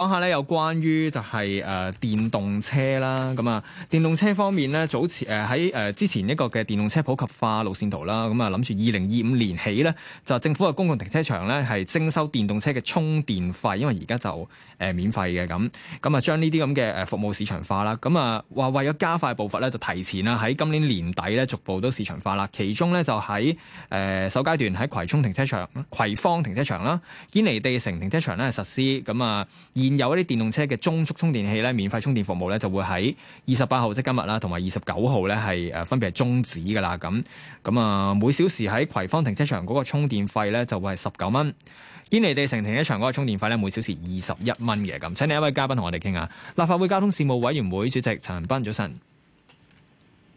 講下咧有關於就係誒電動車啦，咁啊電動車方面咧，早前誒喺誒之前一個嘅電動車普及化路線圖啦，咁啊諗住二零二五年起咧就政府嘅公共停車場咧係徵收電動車嘅充電費，因為而家就誒免費嘅咁，咁啊將呢啲咁嘅誒服務市場化啦，咁啊話為咗加快步伐咧，就提前啦喺今年年底咧逐步都市場化啦，其中咧就喺誒、呃、首階段喺葵涌停車場、葵芳停車場啦、堅尼地城停車場咧實施咁啊有一啲電動車嘅中速充電器咧，免費充電服務咧就會喺二十八號即今日啦，同埋二十九號咧係誒分別係終止噶啦。咁咁啊，每小時喺葵芳停車場嗰個充電費咧就會係十九蚊；堅尼地城停車場嗰個充電費咧每小時二十一蚊嘅。咁請你一位嘉賓同我哋傾下，立法會交通事務委員會主席陳恒鑌早晨。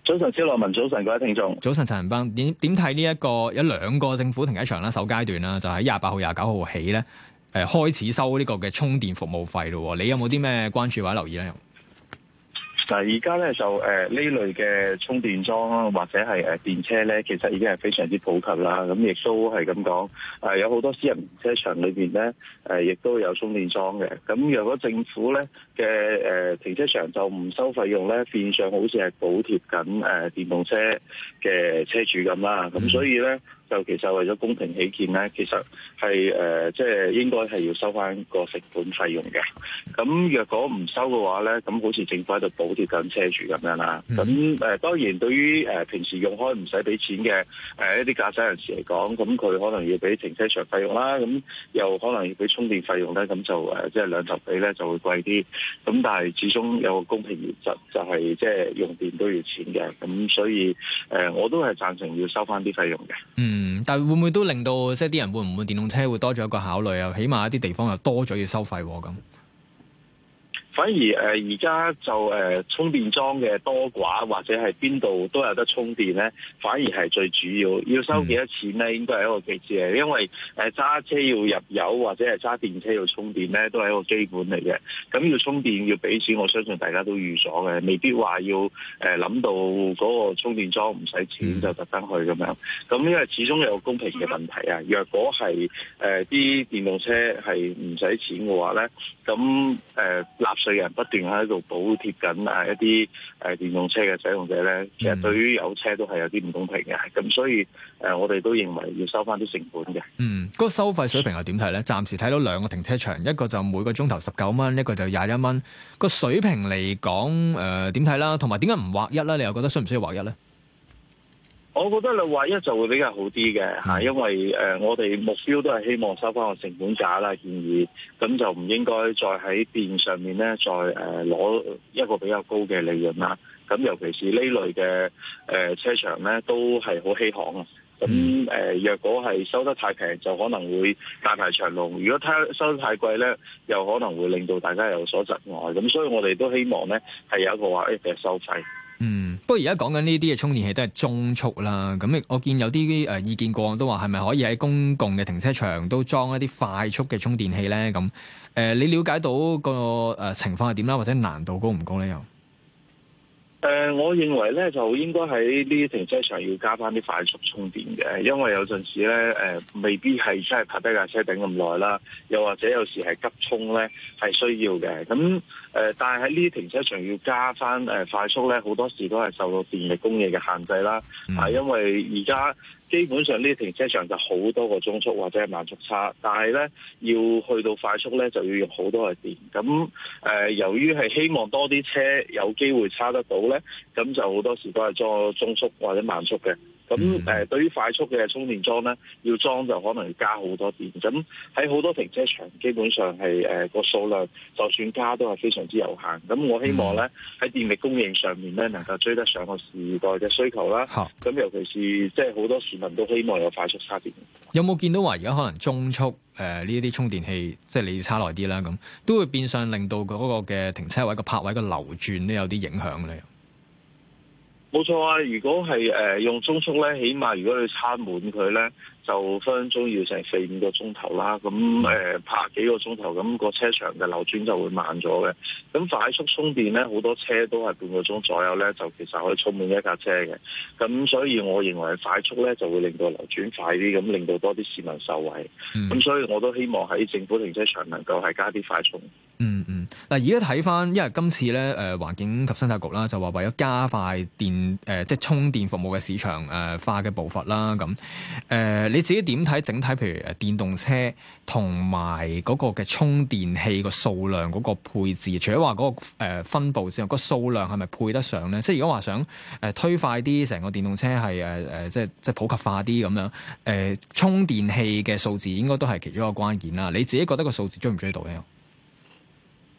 早晨，焦樂文早晨，各位聽眾。早晨，陳恒鑌點點睇呢一個有兩個政府停車場啦，首階段啦就喺廿八號、廿九號起咧。誒開始收呢個嘅充電服務費咯，你有冇啲咩關注或者留意咧？嗱，而家咧就誒呢、呃、類嘅充電樁或者係誒、呃、電車咧，其實已經係非常之普及啦。咁亦都係咁講，誒、呃、有好多私人停車場裏邊咧，誒、呃、亦都有充電樁嘅。咁若果政府咧嘅誒停車場就唔收費用咧，變相好似係補貼緊誒、呃、電動車嘅車主咁啦。咁、嗯、所以咧。就其實為咗公平起見咧，其實係誒，即係應該係要收翻個成本費用嘅。咁若果唔收嘅話咧，咁好似政府喺度補貼緊車主咁樣啦。咁誒當然對於誒平時用開唔使俾錢嘅誒一啲駕駛人士嚟講，咁佢可能要俾停車場費用啦，咁又可能要俾充電費用咧，咁就誒即係兩頭俾咧就會貴啲。咁但係始終有個公平原則，就係即係用電都要錢嘅。咁所以誒我都係贊成要收翻啲費用嘅。嗯。嗯，但會唔會都令到即係啲人會唔會電動車會多咗一個考慮啊？起碼一啲地方又多咗要收費咁。反而誒而家就誒、呃、充電樁嘅多寡，或者係邊度都有得充電咧，反而係最主要。要收幾多錢咧，應該係一個機制嘅，因為誒揸、呃、車要入油，或者係揸電車要充電咧，都係一個基本嚟嘅。咁要充電要俾錢，我相信大家都預咗嘅，未必話要誒諗、呃、到嗰個充電樁唔使錢就特登去咁樣，咁因為始終有個公平嘅問題啊。若果係誒啲電動車係唔使錢嘅話咧，咁誒、呃、立。稅人不斷喺度補貼緊啊一啲誒電動車嘅使用者咧，其實對於有車都係有啲唔公平嘅，咁所以誒我哋都認為要收翻啲成本嘅。嗯，嗰個收費水平係點睇咧？暫時睇到兩個停車場，一個就每個鐘頭十九蚊，一個就廿一蚊。個水平嚟講誒點睇啦？同埋點解唔劃一咧？你又覺得需唔需要劃一咧？我覺得你話一就會比較好啲嘅嚇，因為誒、呃、我哋目標都係希望收翻個成本價啦，建議咁就唔應該再喺電上面咧，再誒攞、呃、一個比較高嘅利潤啦。咁尤其是呢類嘅誒、呃、車場咧，都係好稀罕。咁誒、呃、若果係收得太平，就可能會大排長龍；如果太收得太貴咧，又可能會令到大家有所窒礙。咁所以我哋都希望咧係有一個話一嘅、哎、收費。嗯，不過而家講緊呢啲嘅充電器都係中速啦，咁我見有啲誒、呃、意見過往都話係咪可以喺公共嘅停車場都裝一啲快速嘅充電器呢？咁誒、呃，你了解到，個誒、呃、情況係點啦，或者難度高唔高呢？又？誒，我認為咧，就應該喺呢啲停車場要加翻啲快速充電嘅，因為有陣時咧，誒、呃，未必係真係泊低架車頂咁耐啦，又或者有時係急充咧，係需要嘅。咁誒、呃，但係喺呢啲停車場要加翻誒快速咧，好多時都係受到電力供應嘅限制啦，係、呃、因為而家。基本上呢啲停車場就好多個中速或者係慢速叉，但係呢要去到快速呢就要用好多嘅電。咁誒、呃，由於係希望多啲車有機會叉得到呢，咁就好多時都係裝中速或者慢速嘅。咁誒，嗯、對於快速嘅充電樁咧，要裝就可能要加好多電。咁喺好多停車場，基本上係誒個數量，就算加都係非常之有限。咁我希望咧喺電力供應上面咧，能夠追得上個時代嘅需求啦。咁、嗯、尤其是即係好多市民都希望有快速叉電。有冇見到話而家可能中速誒呢一啲充電器，即係你叉耐啲啦，咁都會變相令到嗰個嘅停車位個泊位嘅流轉都有啲影響咧。冇錯啊！如果係誒、呃、用中速咧，起碼如果你插滿佢咧，就分分鐘要成四五個鐘頭啦。咁誒泊幾個鐘頭，咁個車場嘅流轉就會慢咗嘅。咁快速充電咧，好多車都係半個鐘左右咧，就其實可以充滿一架車嘅。咁所以，我認為快速咧就會令到流轉快啲，咁令到多啲市民受惠。咁、嗯、所以我都希望喺政府停車場能夠係加啲快速。嗯嗯，嗱而家睇翻，因為今次咧，誒、呃、環境及生態局啦，就話為咗加快電誒、呃、即係充電服務嘅市場誒化嘅步伐啦，咁、呃、誒你自己點睇整體？譬如電動車同埋嗰個嘅充電器個數量嗰個配置，除咗話嗰個誒分布之外，嗰個數量係咪配得上咧？即係如果話想誒推快啲成個電動車係誒誒即係即係普及化啲咁樣，誒、呃、充電器嘅數字應該都係其中一個關鍵啦。你自己覺得個數字追唔追到呢？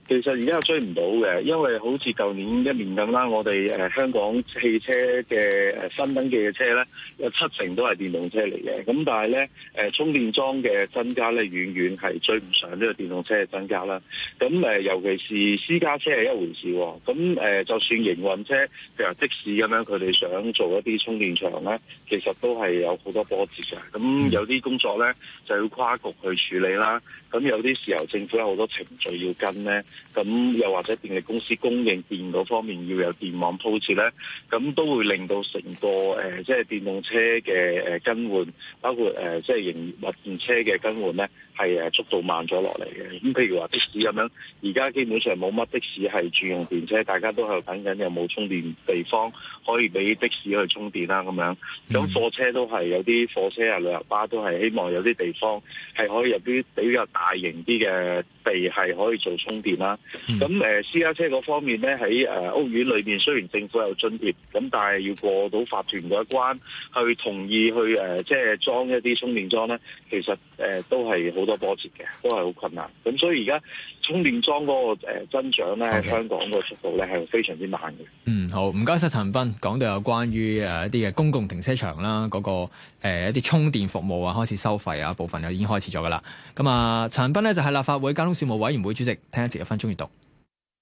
其實而家追唔到嘅，因為好似舊年一年咁啦，我哋誒香港汽車嘅新登記嘅車咧，有七成都係電動車嚟嘅。咁但係咧，誒充電樁嘅增加咧，遠遠係追唔上呢個電動車嘅增加啦。咁誒，尤其是私家車係一回事。咁誒，就算營運車，譬如的士咁樣，佢哋想做一啲充電場咧，其實都係有好多波折嘅。咁有啲工作咧，就要跨局去處理啦。咁有啲時候政府有好多程序要跟咧。咁又或者電力公司供應電嗰方面要有電網鋪設咧，咁都會令到成個誒，即、呃、係、就是、電動車嘅誒、呃、更換，包括誒即係營運電車嘅更換咧，係誒速度慢咗落嚟嘅。咁譬如話的士咁樣，而家基本上冇乜的士係轉用電車，大家都係等緊有冇充電地方可以俾的士去充電啦咁樣。咁貨車都係有啲貨車啊、旅遊巴，巴都係希望有啲地方係可以有啲比較大型啲嘅。地係可以做充電啦，咁 誒，私家車嗰方面咧，喺誒屋苑裏邊雖然政府有津貼咁但係要過到法團嗰一關去同意去誒，即係裝一啲充電樁咧，其實。誒都係好多波折嘅，都係好困難。咁所以而家充電樁嗰個增長咧，Okay. 香港個速度咧係非常之慢嘅。嗯，好，唔該晒，陳鑌。講到有關於誒一啲嘅公共停車場啦，嗰、那個、呃、一啲充電服務啊，開始收費啊部分就已經開始咗噶啦。咁啊，陳鑌呢就係、是、立法會交通事務委員會主席，聽一節一分鐘閲讀。